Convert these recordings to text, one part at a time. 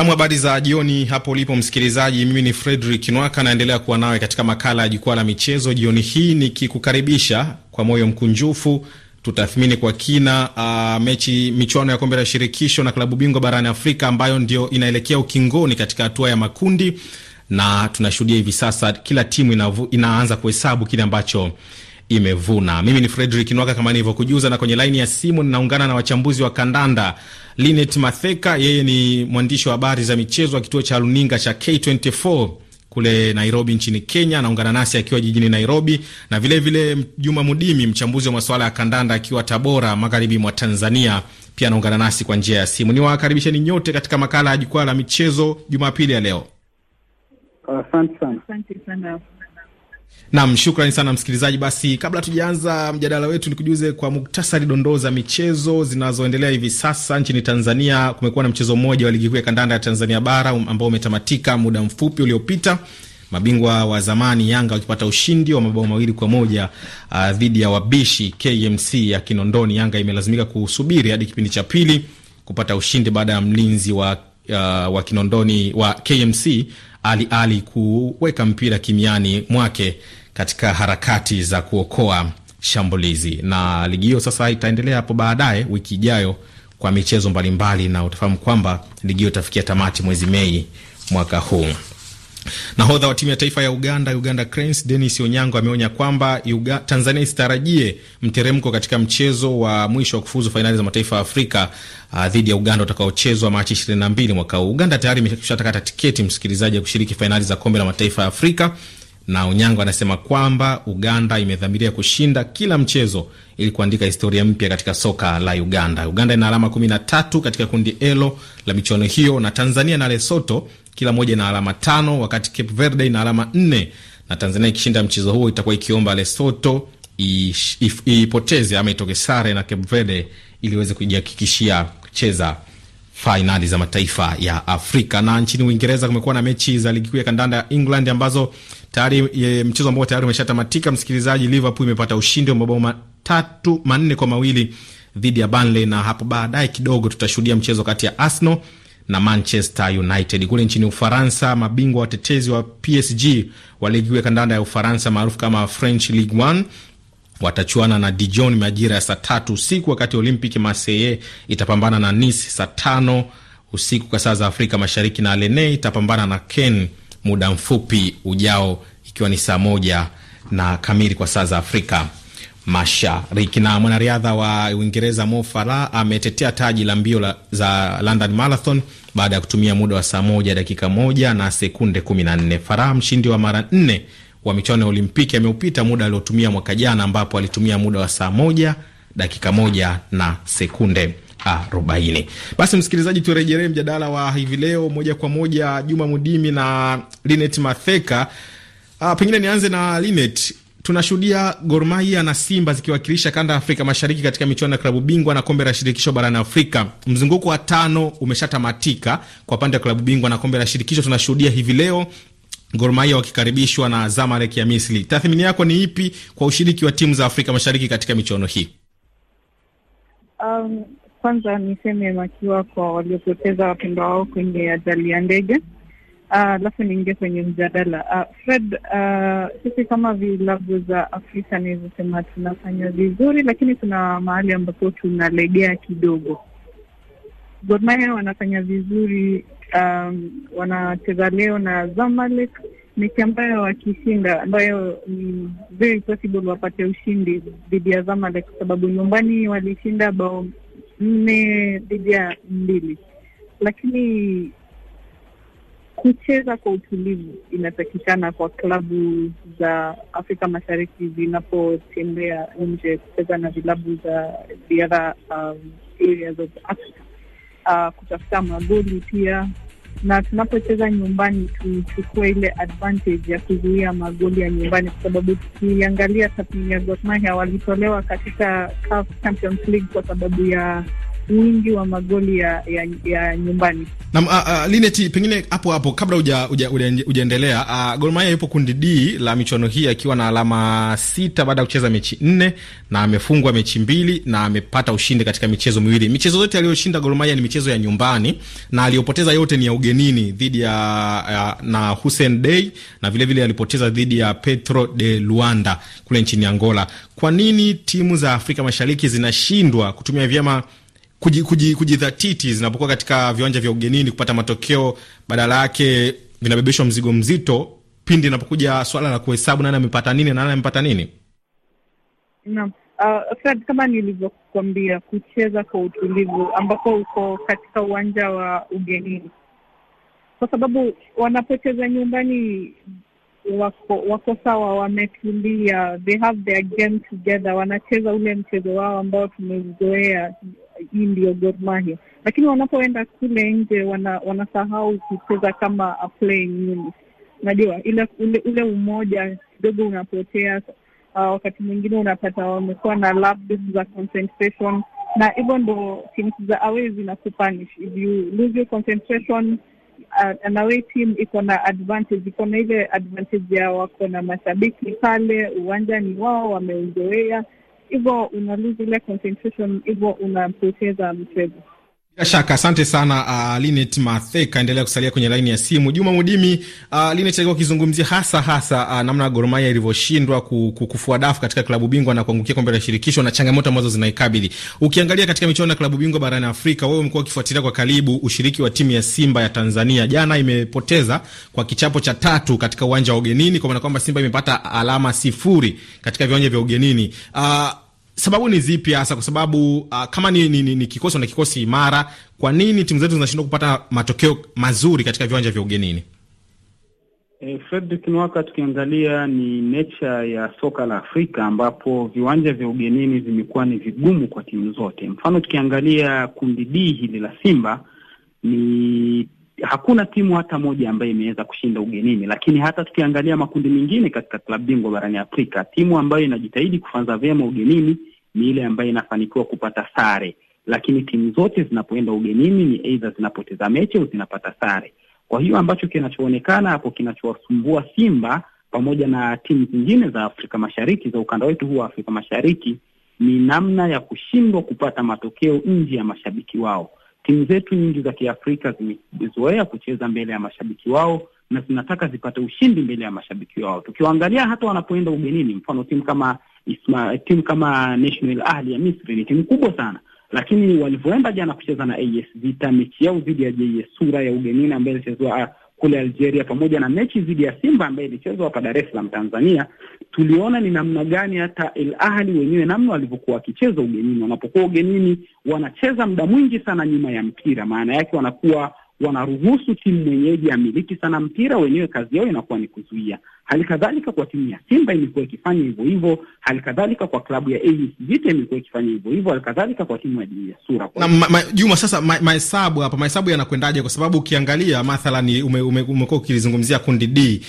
Nam, habari za jioni hapo ulipo msikilizaji. Mimi ni Fredrik Nwaka, naendelea kuwa nawe katika makala ya jukwaa la michezo jioni hii, nikikukaribisha kwa moyo mkunjufu. Tutathmini kwa kina uh, mechi michuano ya kombe la shirikisho na klabu bingwa barani Afrika ambayo ndio inaelekea ukingoni katika hatua ya makundi, na tunashuhudia hivi sasa kila timu inavu, inaanza kuhesabu kile ambacho imevuna. Mimi ni Fredrick Nwaka kama nilivyokujuza, na kwenye laini ya simu ninaungana na wachambuzi wa kandanda Linet Matheka, yeye ni mwandishi wa habari za michezo wa kituo cha runinga cha K24 kule Nairobi nchini Kenya, anaungana nasi akiwa jijini Nairobi, na vilevile vile Juma Mudimi, mchambuzi wa masuala ya kandanda akiwa Tabora, magharibi mwa Tanzania, pia anaungana nasi kwa njia ya simu. Ni wakaribisheni nyote katika makala ya jukwaa la michezo jumapili ya leo. Asante uh, sana. Nam, shukrani sana msikilizaji. Basi kabla tujaanza mjadala wetu, nikujuze kwa muktasari dondoo za michezo zinazoendelea hivi sasa nchini Tanzania. Kumekuwa na mchezo mmoja wa ligi kuu ya kandanda ya Tanzania bara um, ambao umetamatika muda mfupi uliopita, mabingwa wa zamani Yanga wakipata ushindi wa mabao mawili kwa moja uh, dhidi ya wabishi KMC ya Kinondoni. Yanga imelazimika kusubiri hadi kipindi cha pili kupata ushindi baada ya mlinzi wa uh, wa Kinondoni wa KMC Ali Ali kuweka mpira kimiani mwake katika harakati za kuokoa shambulizi. Na ligi hiyo sasa itaendelea hapo baadaye wiki ijayo kwa michezo mbalimbali, na utafahamu kwamba ligi hiyo itafikia tamati mwezi Mei mwaka huu. Nahodha wa timu ya taifa ya Uganda, Uganda Cranes, denis Onyango ameonya kwamba Uga, Tanzania isitarajie mteremko katika mchezo wa mwisho wa kufuzu fainali za mataifa ya Afrika uh, dhidi ya Uganda utakaochezwa Machi 22 mwaka huu. Uganda tayari imeshatakata tiketi msikilizaji ya kushiriki fainali za kombe la mataifa ya Afrika na Onyango anasema kwamba Uganda imedhamiria kushinda kila mchezo ili kuandika historia mpya katika soka la Uganda. Uganda ina alama 13 katika kundi elo la michuano hiyo, na Tanzania na Lesoto kila moja ina alama tano, wakati Cape Verde ina alama nne, na Tanzania ikishinda mchezo huo itakuwa ikiomba Lesoto ipoteze ama itoke sare na Cape Verde ili iweze kujihakikishia kucheza fainali za mataifa ya Afrika. Na nchini Uingereza kumekuwa na mechi za ligi kuu ya kandanda ya England ambazo tayari mchezo ambao tayari umeshatamatika msikilizaji. Liverpool imepata ushindi wa mabao matatu manne kwa mawili dhidi ya Burnley, na hapo baadaye kidogo tutashuhudia mchezo kati ya Arsenal na Manchester United. Kule nchini Ufaransa, mabingwa watetezi wa PSG wa ligi ya kandanda ya Ufaransa maarufu kama French League One watachuana na Dijon majira ya saa tatu usiku, wakati Olympic Marseille itapambana na Nice saa tano usiku kwa saa za Afrika Mashariki, na Lene itapambana na Ken muda mfupi ujao, ikiwa ni saa moja na kamili kwa saa za Afrika Mashariki. Na mwanariadha wa Uingereza Mo Farah ametetea taji la mbio za London Marathon baada ya kutumia muda wa saa moja dakika moja na sekunde kumi na nne. Farah mshindi wa mara nne wa michuano ya Olimpiki ameupita muda aliotumia mwaka jana ambapo alitumia muda wa saa moja dakika moja na sekunde arobaini. Basi msikilizaji, turejelee mjadala wa hivi leo moja kwa moja. Juma Mudimi na Linet Matheka. Ah, pengine nianze na Linet. Tunashuhudia Gor Mahia na Simba zikiwakilisha kanda ya Afrika Mashariki katika michuano ya klabu bingwa na kombe la shirikisho barani Afrika. Mzunguko wa tano umeshatamatika kwa pande ya klabu bingwa na kombe la shirikisho. Tunashuhudia hivi leo Gor Mahia wakikaribishwa na Zamalek ya Misri. Tathmini yako ni ipi kwa ushiriki wa timu za Afrika Mashariki katika michuano hii? Um... Kwanza niseme makiwa kwa waliopoteza wapendwa wao kwenye ajali ya ndege, ah, alafu uh, niingie kwenye mjadala uh, Fred, uh, sisi kama vilabu za Afrika naweza tunafanya vizuri, lakini kuna mahali ambapo tunalegea kidogo. gormaya wanafanya vizuri, um, wanacheza leo na Zamalek, mechi ambayo wakishinda, ambayo ni very possible wapate ushindi dhidi ya Zamalek kwa sababu nyumbani walishinda bao nne dhidi ya mbili, lakini kucheza kwa utulivu inatakikana kwa klabu za Afrika Mashariki zinapotembea nje kucheza na vilabu za the other um, areas of Africa, uh, kutafuta magoli pia na tunapocheza nyumbani tuchukue ile advantage ya kuzuia magoli ya nyumbani, kwa sababu tukiangalia tathmini ya Gor Mahia walitolewa katika CAF Champions League kwa sababu ya wingi wa magoli ya, ya, ya nyumbani. Na, uh, uh, Linet, pengine hapo hapo kabla hujaendelea, uh, Gor Mahia yupo kundi D la michuano hii akiwa na alama sita baada ya kucheza mechi nne na amefungwa mechi mbili na amepata ushindi katika michezo miwili. Michezo yote aliyoshinda Gor Mahia ni michezo ya nyumbani na aliyopoteza yote ni ya ugenini dhidi ya, uh, na Hussein Dey na vilevile vile alipoteza dhidi ya Petro de Luanda kule nchini Angola. Kwa nini timu za Afrika Mashariki zinashindwa kutumia vyema kujidhatiti kuji, kuji zinapokuwa katika viwanja vya ugenini kupata matokeo, badala yake vinabebeshwa mzigo mzito pindi inapokuja swala la kuhesabu nani amepata nini na nani amepata nini. Naam, uh, kama nilivyokuambia, kucheza kwa utulivu ambapo uko katika uwanja wa ugenini, kwa sababu wanapocheza nyumbani wako wako sawa, wametulia, they have their game together, wanacheza ule mchezo wao ambao tumezoea hii ndio Gor Mahia, lakini wanapoenda kule nje wana, wanasahau kucheza kama a playing unit. Unajua ile ule, ule umoja kidogo unapotea. Uh, wakati mwingine unapata wamekuwa na lapses za concentration, na hivyo ndo timu za away zinakupanish if you lose your concentration. Uh, an away team iko na advantage, iko na ile advantage ya wako na mashabiki pale uwanja ni wao wameuzoea hivyo una lose ile concentration, hivyo unapoteza mchezo. Bila shaka asante sana uh, Linet Matheka, endelea kusalia kwenye laini ya simu. Juma Mudimi, uh, Linet alikuwa akizungumzia hasa hasa uh, namna Gor Mahia ilivyoshindwa kufua dafu katika klabu bingwa na kuangukia kombe la shirikisho na changamoto ambazo zinaikabili. Ukiangalia katika michuano ya klabu bingwa barani Afrika, wewe umekuwa ukifuatilia kwa karibu ushiriki wa timu ya Simba ya Tanzania. Jana imepoteza kwa kichapo cha tatu katika uwanja wa ugenini, kwa maana kwamba Simba imepata alama sifuri katika viwanja vya ugenini. Uh, sababu ni zipi hasa? Kwa sababu uh, kama ni, ni, ni, ni kikosi na kikosi imara, kwa nini timu zetu zinashindwa kupata matokeo mazuri katika viwanja vya ugenini? E, Fredrick Nwaka, tukiangalia ni nature ya soka la Afrika ambapo viwanja vya ugenini vimekuwa ni vigumu kwa timu zote. Mfano tukiangalia kundi D hili la Simba ni hakuna timu hata moja ambayo imeweza kushinda ugenini, lakini hata tukiangalia makundi mengine katika klabu bingwa barani Afrika, timu ambayo inajitahidi kufanza vyema ugenini ni ile ambayo inafanikiwa kupata sare, lakini timu zote zinapoenda ugenini ni aidha zinapoteza mechi au zinapata sare. Kwa hiyo ambacho kinachoonekana hapo kinachowasumbua Simba pamoja na timu zingine za Afrika Mashariki za ukanda wetu huu wa Afrika Mashariki ni namna ya kushindwa kupata matokeo nje ya mashabiki wao. Timu zetu nyingi za Kiafrika zimezoea kucheza mbele ya mashabiki wao na zinataka zipate ushindi mbele ya mashabiki wao. Tukiwaangalia hata wanapoenda ugenini, mfano timu kama Isma, timu kama National Ahli ya Misri ni timu kubwa sana, lakini walivyoenda jana kucheza na AS Vita, mechi yao dhidi ya JS Sura ya ugenini ambayo ilichezwa kule Algeria, pamoja na mechi dhidi ya Simba ambaye ilichezwa hapa Dar es Salaam Tanzania, tuliona ni namna gani hata Al Ahly wenyewe namna walivyokuwa wakicheza ugenini. Wanapokuwa ugenini, wanacheza muda mwingi sana nyuma ya mpira, maana yake wanakuwa wanaruhusu timu mwenyeji amiliki sana mpira, wenyewe kazi yao inakuwa ni kuzuia. Hali kadhalika kwa timu ya Simba imekuwa ikifanya hivyo hivyo, hali kadhalika kwa klabu ya AEC Vita imekuwa ikifanya hivyo hivyo, hali kadhalika kwa timu ya Sura. Na ma, ma, Juma, sasa mahesabu ma hapa, mahesabu yanakwendaje? Kwa sababu ukiangalia mathalani umekuwa ume, ume ukilizungumzia kundi D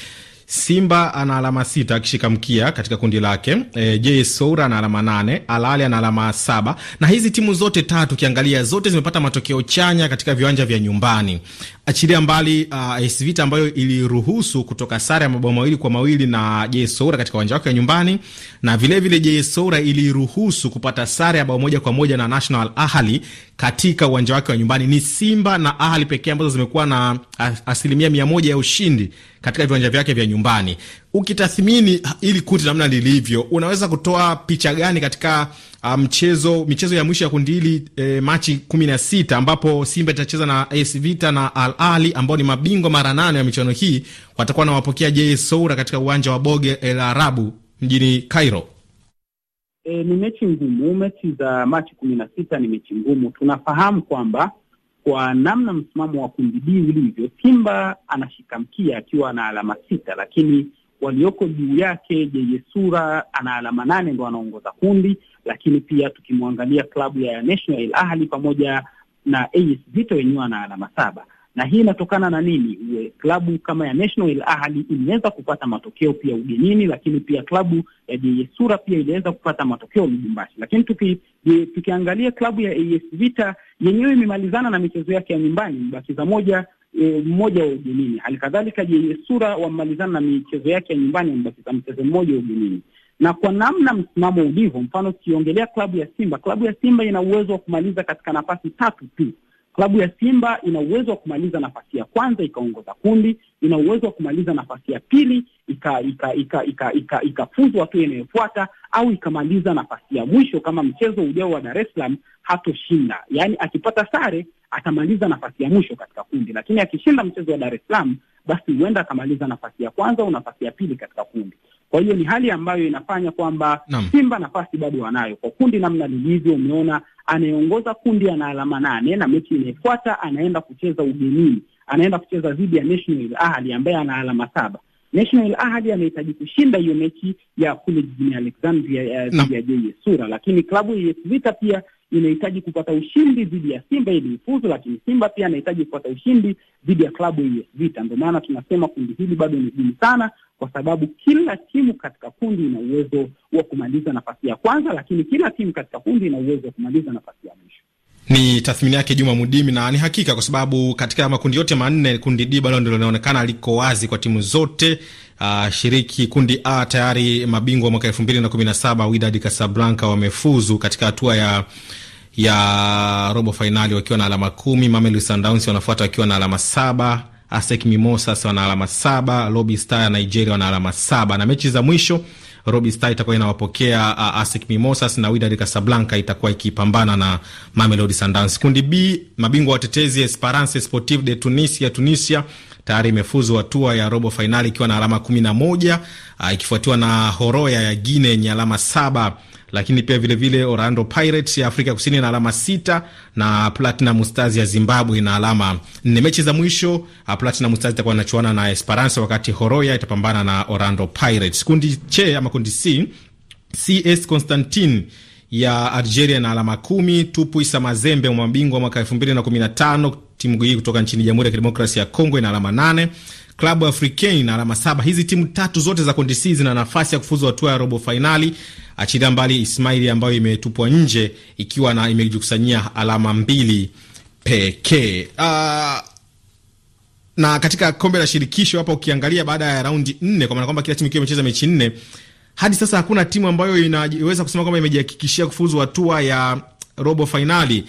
Simba ana alama sita akishika mkia katika kundi lake. E, JS Soura ana alama nane, alali ana alama saba, na hizi timu zote tatu ukiangalia zote zimepata matokeo chanya katika viwanja vya nyumbani achilia mbali uh, AS Vita ambayo iliruhusu kutoka sare ya mabao mawili kwa mawili na JS Soura katika uwanja wake wa nyumbani, na vilevile JS Soura iliruhusu kupata sare ya bao moja kwa moja na National Ahli katika uwanja wake wa nyumbani. Ni Simba na Ahli pekee ambazo zimekuwa na asilimia mia moja ya ushindi katika viwanja vyake vya nyumbani. Ukitathmini uh, ili kundi namna lilivyo, unaweza kutoa picha gani katika Ah, mchezo michezo ya mwisho ya kundi hili e, Machi 16 ambapo Simba itacheza na AS Vita na Al Ahly ambao ni mabingwa mara nane ya michuano hii, watakuwa na wapokea JS Soura katika uwanja wa Boge El Arabu mjini Cairo. E, ni mechi ngumu. Mechi za Machi kumi na sita ni mechi ngumu. Tunafahamu kwamba kwa namna msimamo wa kundi B ulivyo, Simba anashika mkia akiwa na alama sita, lakini walioko juu yake Jeje Sura ana alama nane, ndo anaongoza kundi lakini pia tukimwangalia klabu ya National Al Ahly pamoja na AS Vito wenyewe ana alama saba na hii inatokana na nini? Klabu kama ya National Al imeweza kupata matokeo pia ugenini, lakini pia klabu ya Jeyesura pia iliweza kupata matokeo Lubumbashi. Lakini tuki, tukiangalia klabu ya AS Vita yenyewe imemalizana na michezo yake ya nyumbani, mbakiza moja e, mmoja wa ugenini. Hali kadhalika Jeyesura wamemalizana na michezo yake ya nyumbani, mbakiza mchezo mmoja wa ugenini na kwa namna msimamo ulivyo, mfano tukiongelea klabu ya Simba, klabu ya Simba ina uwezo wa kumaliza katika nafasi tatu tu. Klabu ya Simba ina uwezo wa kumaliza nafasi ya kwanza ikaongoza kundi, ina uwezo wa kumaliza nafasi ya pili ikafuzwa ika, ika, ika, ika, hatua inayofuata, au ikamaliza nafasi ya mwisho kama mchezo ujao wa Dar es Salaam hatoshinda. Yaani akipata sare atamaliza nafasi ya mwisho katika kundi, lakini akishinda mchezo wa Dar es Salaam basi huenda akamaliza nafasi ya kwanza au nafasi ya pili katika kundi. Kwa hiyo ni hali ambayo inafanya kwamba Simba nafasi bado wanayo kwa kundi namna lilivyo. Umeona anayeongoza kundi ana alama nane na mechi inayofuata anaenda kucheza ugenini, anaenda kucheza dhidi ya National Ahli ambaye ana alama saba. National Ahli anahitaji kushinda hiyo mechi ya kule jijini Alexandria eh, dhidi ya JS Sura, lakini klabu ya Vita pia inahitaji kupata ushindi dhidi ya Simba ili ifuzu, lakini Simba pia anahitaji kupata ushindi dhidi ya klabu yenye vita. Ndio maana tunasema kundi hili bado ni gumu sana, kwa sababu kila timu katika kundi ina uwezo wa kumaliza nafasi ya kwanza, lakini kila timu katika kundi ina uwezo wa kumaliza nafasi ya mwisho. Ni tathmini yake Juma Mudimi, na ni hakika kwa sababu katika makundi yote manne kundi D bado ndilo linaonekana liko wazi kwa timu zote. Uh, shiriki kundi A tayari mabingwa mwaka elfu mbili na kumi na saba Wydad Kasablanka wamefuzu katika hatua ya ya robo fainali wakiwa na alama kumi. Mamelodi Sundowns wanafuata wakiwa na alama saba. Asec Mimosas wana alama saba. Lobi Star ya Nigeria wana alama saba, na mechi za mwisho Robi Star itakuwa inawapokea uh, ASEC Mimosas na Wydad Casablanca itakuwa ikipambana na Mamelodi Sundowns. Kundi B, mabingwa watetezi Esperance Sportive de Tunisia Tunisia tayari imefuzu hatua ya robo fainali ikiwa na alama 11 ah, ikifuatiwa na Horoya ya Guine yenye alama saba lakini pia vilevile vile Orlando Pirates ya Afrika Kusini na alama sita na Platinum Stars ya Zimbabwe ina alama nne. Mechi za mwisho ah, Platinum Stars itakuwa inachuana na Esperance wakati Horoya itapambana na Orlando Pirates. Kundi che ama kundi C, CS Constantine ya Algeria na alama kumi. Tupuisa Mazembe mabingwa mwaka elfu mbili na kumi na tano timu hii kutoka nchini Jamhuri ya Kidemokrasia ya Kongo ina alama nane. Klabu Africain na alama saba. Hizi timu tatu zote za kundi C zina nafasi ya kufuzu hatua ya robo fainali, achilia mbali Ismaili ambayo imetupwa nje ikiwa na imejikusanyia alama mbili pekee. Uh, na katika kombe la shirikisho hapa ukiangalia, baada ya raundi nne, kwa maana kwamba kila timu ikiwa imecheza mechi nne, hadi sasa hakuna timu ambayo inaweza kusema kwamba imejihakikishia kufuzu hatua ya robo fainali.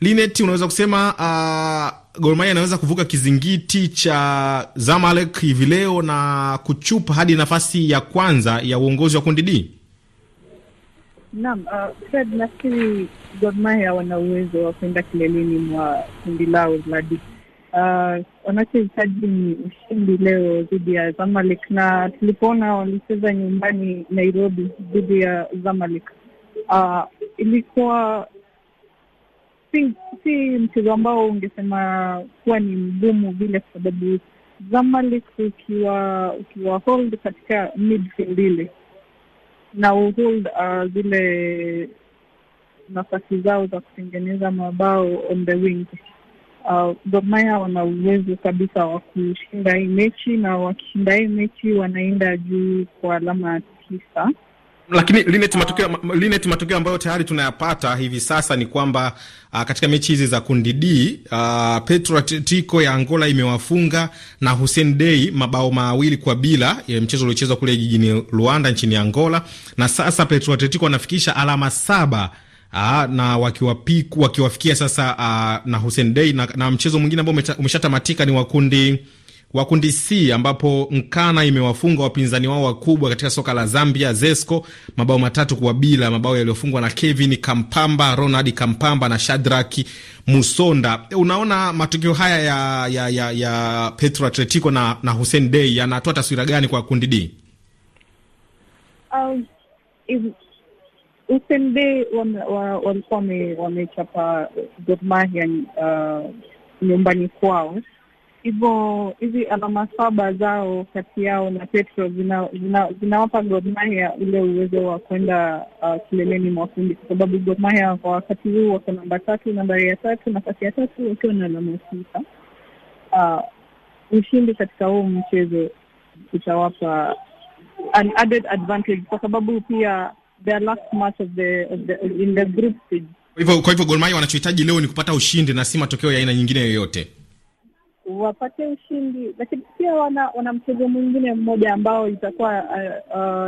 linet unaweza kusema uh, Gor Mahia inaweza kuvuka kizingiti cha Zamalek hivi leo na kuchupa hadi nafasi ya kwanza ya uongozi wa kundi D? Naam, uh, Fred, nafikiri Gor Mahia wana uwezo wa kuenda kileleni mwa kundi lao la D uh, wanachohitaji ni ushindi leo dhidi ya Zamalek, na tulipoona walicheza nyumbani Nairobi dhidi ya Zamalek uh, ilikuwa si, si mchezo ambao ungesema kuwa ni mgumu vile, kwa sababu Zamalek ukiwa ukiwa hold katika midfield ile na uhold uh, zile nafasi zao za kutengeneza mabao on the wing Gormaya uh, wana uwezo kabisa wa kushinda hii mechi, na wakishinda hii mechi wanaenda juu kwa alama tisa. Lakini Linet, matokeo Linet, matokeo ambayo tayari tunayapata hivi sasa ni kwamba uh, katika mechi hizi za kundi D uh, Petro Atletico ya Angola imewafunga na Hussein Dei mabao mawili kwa bila ya mchezo uliochezwa kule jijini Luanda nchini Angola, na sasa Petro Atletico wanafikisha alama saba Aa, ah, na wakiwapiku, wakiwafikia sasa uh, na Hussein Dey na, na mchezo mwingine ambao umeshatamatika ni wakundi wakundi C ambapo Nkana imewafunga wapinzani wao wakubwa katika soka la Zambia Zesco mabao matatu kwa bila, mabao yaliyofungwa na Kevin Kampamba, Ronald Kampamba na Shadraki Musonda. E, unaona matukio haya ya, ya, ya, ya Petro Atletico na, na Hussein Dey yanatoa taswira gani kwa kundi D? Um, USMB walikuwa wamechapa Gor Mahia uh, nyumbani kwao, hivyo hizi alama saba zao kati yao na Petro zinawapa zina, zina Gor Mahia ule uwezo wa kwenda uh, kileleni mwa kundi, kwa sababu Gor Mahia kwa wakati huu wako namba tatu, nambari ya tatu, nafasi ya tatu wakiwa na alama sita. Uh, ushindi katika huu mchezo utawapa an added advantage kwa sababu pia the last match of the, of the, in the group stage. Kwa hivyo kwa hivyo Gor Mahia wanachohitaji leo ni kupata ushindi na si matokeo ya aina nyingine yoyote. Wapate ushindi, lakini pia wana, wana mchezo mwingine mmoja ambao itakuwa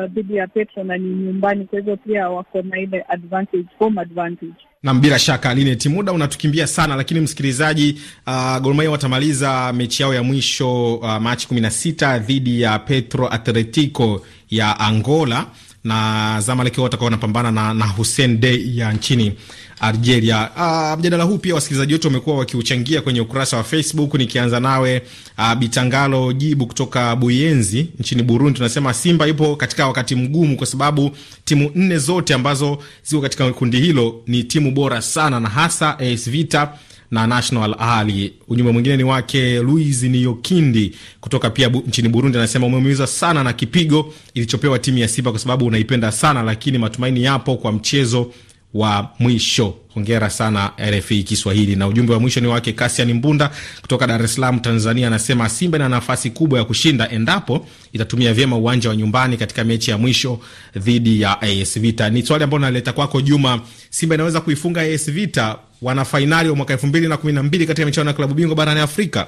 dhidi uh, uh, ya Petro na ni nyumbani, kwa hivyo pia wako na ile advantage, home advantage. Na bila shaka Linet, muda unatukimbia sana, lakini msikilizaji, uh, Gor Mahia watamaliza mechi yao ya mwisho uh, Machi 16 dhidi ya Petro Atletico ya Angola na Zamalek watakuwa wanapambana na, na Hussein Dey ya nchini Algeria. Uh, mjadala huu pia wasikilizaji wetu wamekuwa wakiuchangia kwenye ukurasa wa Facebook. Nikianza nawe uh, Bitangalo Jibu kutoka Buyenzi nchini Burundi, tunasema Simba ipo katika wakati mgumu kwa sababu timu nne zote ambazo ziko katika kundi hilo ni timu bora sana na hasa AS Vita na National Ali. Ujumbe mwingine ni wake Luis Niyokindi kutoka pia bu, nchini Burundi, anasema umeumizwa sana na kipigo ilichopewa timu ya Simba kwa sababu unaipenda sana, lakini matumaini yapo kwa mchezo wa mwisho. Hongera sana RFI Kiswahili. Na ujumbe wa mwisho ni wake Kasian Mbunda kutoka Dar es Salaam, Tanzania, anasema Simba ina nafasi kubwa ya kushinda endapo itatumia vyema uwanja wa nyumbani katika mechi ya mwisho dhidi ya AS Vita. Ni swali ambalo naleta kwako Juma, Simba inaweza kuifunga AS Vita wana fainali wa mwaka elfu mbili na kumi na mbili katika michuano ya klabu bingwa barani Afrika?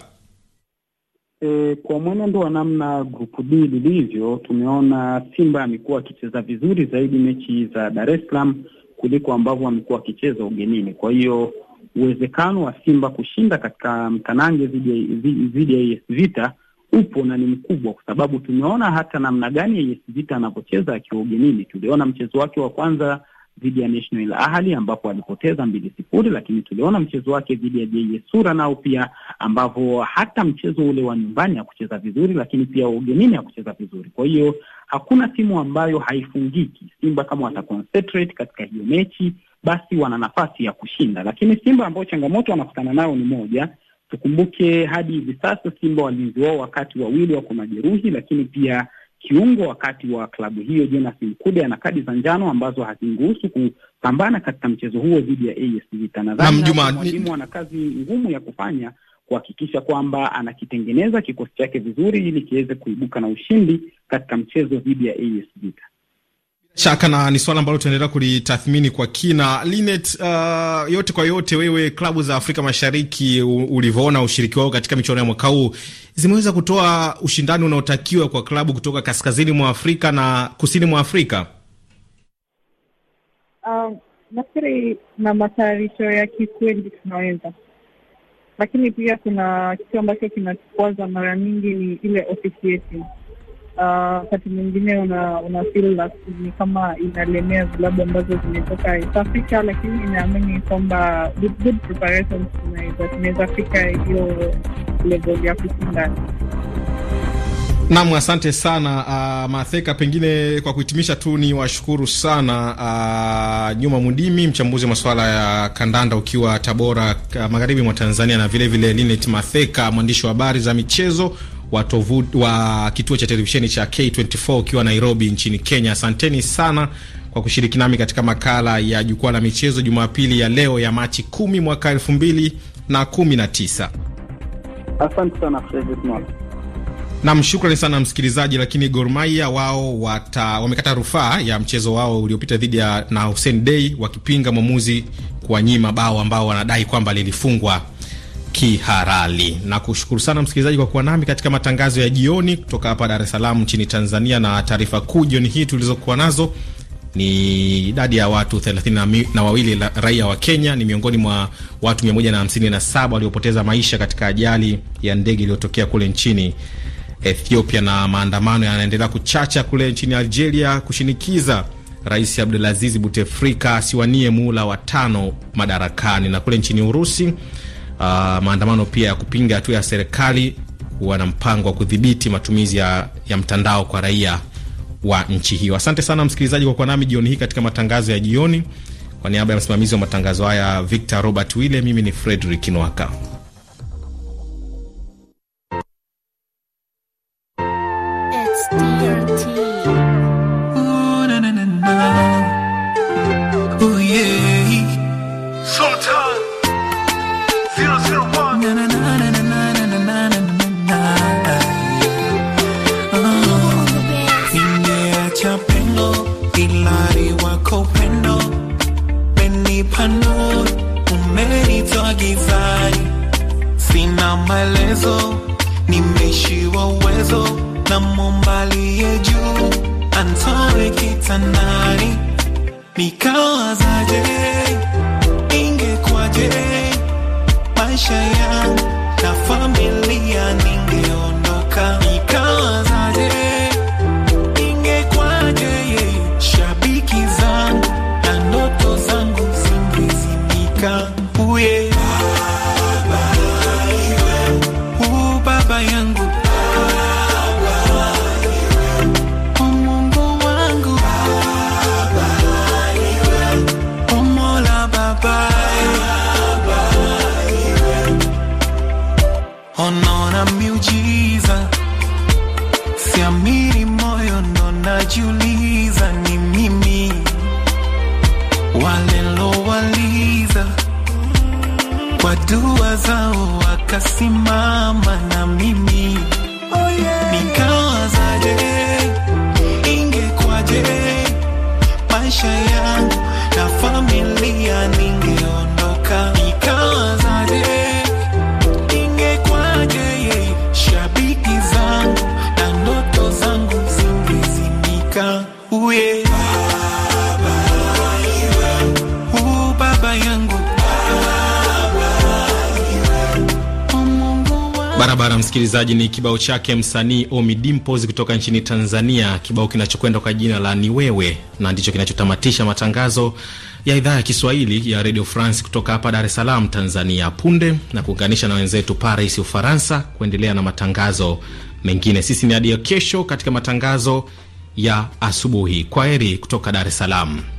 E, kwa mwenendo wa namna grupu D lilivyo, tumeona Simba amekuwa akicheza vizuri zaidi mechi za Dar es Salaam kuliko ambavyo wamekuwa wakicheza ugenini. Kwa hiyo uwezekano wa Simba kushinda katika mtanange dhidi ya AS Vita upo na ni mkubwa, kwa sababu tumeona hata namna gani AS Vita anapocheza akiwa ugenini. Tuliona mchezo wake wa kwanza dhidi ya National Ahli ambapo alipoteza mbili sifuri, lakini tuliona mchezo wake dhidi ya JS Sura nao pia, ambapo hata mchezo ule wa nyumbani hakucheza vizuri, lakini pia ugenini hakucheza vizuri. Kwa hiyo Hakuna timu ambayo haifungiki. Simba kama wataconcentrate katika hiyo mechi, basi wana nafasi ya kushinda, lakini Simba ambao changamoto wanakutana nayo ni moja Tukumbuke hadi hivi sasa Simba walinzi wao wakati wawili wako majeruhi, lakini pia kiungo wakati wa klabu hiyo Jonas Mkude ana kadi za njano ambazo hazimruhusu kupambana katika mchezo huo dhidi ya AS Vita. Nadhani mwalimu ana kazi ngumu ya kufanya kuhakikisha kwamba anakitengeneza kikosi chake vizuri ili kiweze kuibuka na ushindi katika mchezo dhidi ya AS Vita. Shaka na ni swala ambalo tunaendelea kulitathmini kwa kina. Linet, uh, yote kwa yote, wewe klabu za Afrika Mashariki ulivyoona ushiriki wao katika michuano ya mwaka huu zimeweza kutoa ushindani unaotakiwa kwa klabu kutoka kaskazini mwa Afrika na kusini mwa Afrika? Um, nafikiri na matayarisho ya kikwendi tunaweza lakini pia kuna kitu ambacho kinatukwaza mara nyingi ni ile officiating. Ah, wakati uh, mwingine una, una feel ni kama inalemea vilabu ambazo zimetoka isafika lakini inaamini kwamba good preparations tunaweza fika hiyo level ya kushindana. Nam, asante sana uh, Matheka. Pengine kwa kuhitimisha tu ni washukuru sana uh, Nyuma Mudimi, mchambuzi wa masuala ya kandanda ukiwa Tabora, uh, magharibi mwa Tanzania, na vilevile Linet Matheka, mwandishi wa habari za michezo wa, tovu, wa kituo cha televisheni cha K24 ukiwa Nairobi nchini Kenya. Asanteni sana kwa kushiriki nami katika makala ya jukwaa la michezo Jumapili ya leo ya Machi 10 mwaka 2019. Asante sana Fredrick. Nam, shukrani sana msikilizaji. Lakini Gor Mahia wao wata, wamekata rufaa ya mchezo wao uliopita dhidi ya na Hussein Dei wakipinga mwamuzi kwa nyima bao ambao wanadai kwamba lilifungwa kihalali. Na kushukuru sana msikilizaji kwa kuwa nami katika matangazo ya jioni kutoka hapa Dar es Salaam nchini Tanzania. Na taarifa kuu jioni hii tulizokuwa nazo ni idadi ya watu thelathini na wawili raia wa Kenya ni miongoni mwa watu 157 waliopoteza maisha katika ajali ya ndege iliyotokea kule nchini Ethiopia na maandamano yanaendelea kuchacha kule nchini Algeria kushinikiza Rais Abdulaziz Buteflika asiwanie muhula wa tano madarakani. Na kule nchini Urusi, uh, maandamano pia ya kupinga hatua ya serikali kuwa na mpango wa kudhibiti matumizi ya, ya mtandao kwa raia wa nchi hiyo. Asante sana msikilizaji kwa kuwa nami jioni hii katika matangazo ya jioni. Kwa niaba ya msimamizi wa matangazo haya Victor Robert Wille, mimi ni Fredrick Nwaka. divai, sina maelezo, nimeishiwa uwezo na mombali juu antoe kitandani, nikawazaje, ingekwaje maisha yangu na familia ningeona barabara, msikilizaji. Ni kibao chake msanii Omi kutoka nchini Tanzania, kibao kinachokwenda kwa jina la ni wewe, na ndicho kinachotamatisha matangazo ya idhaa ya Kiswahili ya Radio France kutoka hapa Dar es Salaam, Tanzania. Punde na kuunganisha na wenzetu Paris, Ufaransa, kuendelea na matangazo mengine. Sisi ni hadi kesho katika matangazo ya asubuhi. Kwa heri kutoka Dar es Salaam.